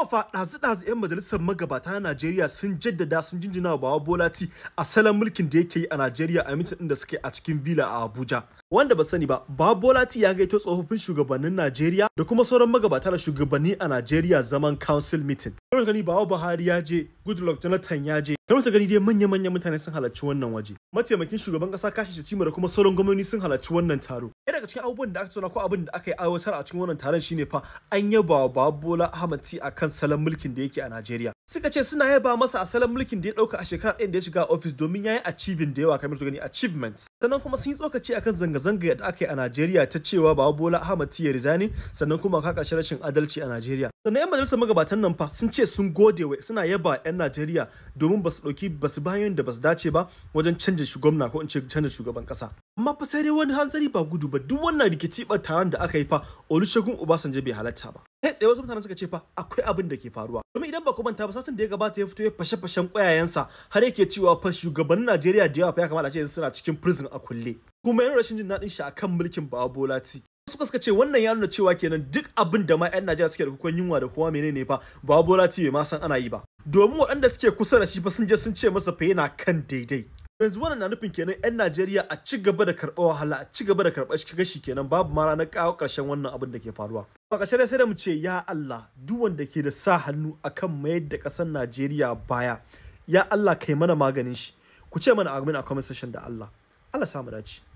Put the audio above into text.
Ofa ɗazu-ɗazu 'yan majalisar magabata na Najeriya sun jaddada sun jinjina wa Bolati a salon mulkin da yake yi a Najeriya a mitin da suke a cikin villa a Abuja. Wanda ba sani ba, Bolati ya gaito tsofaffin shugabannin Najeriya da kuma sauran magabata da shugabanni a Najeriya zaman council meeting. Kamar gani Bawa Buhari ya je, Goodluck Jonathan ya je, kamar ta gani dai manya-manyan mutane sun halarci wannan waje. Mataimakin shugaban ƙasa Kashi Shatima da kuma sauran gwamnati sun halarci wannan taro. daga cikin abubuwan da aka tsona ko abin da aka yi aiwatar a cikin wannan taron shine fa an yaba wa Bola Ahmed Ti akan salon mulkin da yake a Najeriya. Suka ce suna yaba masa a salon mulkin da ya dauka a shekarar ɗaya da ya shiga office domin yayi achieving da yawa kamar to gani achievements. sannan kuma sun yi tsokaci akan zanga-zanga da aka yi a Najeriya ta cewa ba Bola Ahmad Tiyar Rizani sannan kuma ka kashe rashin adalci a Najeriya sannan yan majalisar magabatan nan fa sun ce sun gode wa suna yaba yan Najeriya domin basu su dauki ba su bayan da basu dace ba wajen canja gwamna ko in ce canja shugaban kasa amma fa sai dai wani hanzari ba gudu ba duk wannan rikici ba taron da aka yi fa Olusegun Obasanjo bai halatta ba kai tsaye wasu mutanen suka ce fa akwai abin da ke faruwa domin idan ba ku manta ba satin da ya gabata ya fito ya fashe fashen kwayayensa har yake cewa fa shugabannin Najeriya da yawa fa ya kamata ce suna cikin prison a kulle kuma yana rashin jin daɗin shi akan mulkin Babolati suka suka ce wannan ya nuna cewa kenan duk abin da ma 'yan Najeriya suke da kukan yunwa da kowa menene fa Babolati bai ma san ana yi ba domin waɗanda suke kusa da shi fa sun je sun ce masa fa yana kan daidai yanzu wannan na nufin kenan 'yan Najeriya a ci gaba da karɓar wahala a ci gaba da karɓar shi kenan babu mara na kawo ƙarshen wannan abin da ke faruwa. A ƙarshe sai da mu ce ya Allah duk wanda ke da sa hannu akan mayar da ƙasar Najeriya baya ya Allah kai mana maganin shi ku ce mana amin a comment section da Allah Allah samu dace.